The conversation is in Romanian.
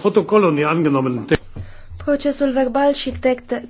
Protocolul angenommen. Procesul verbal și text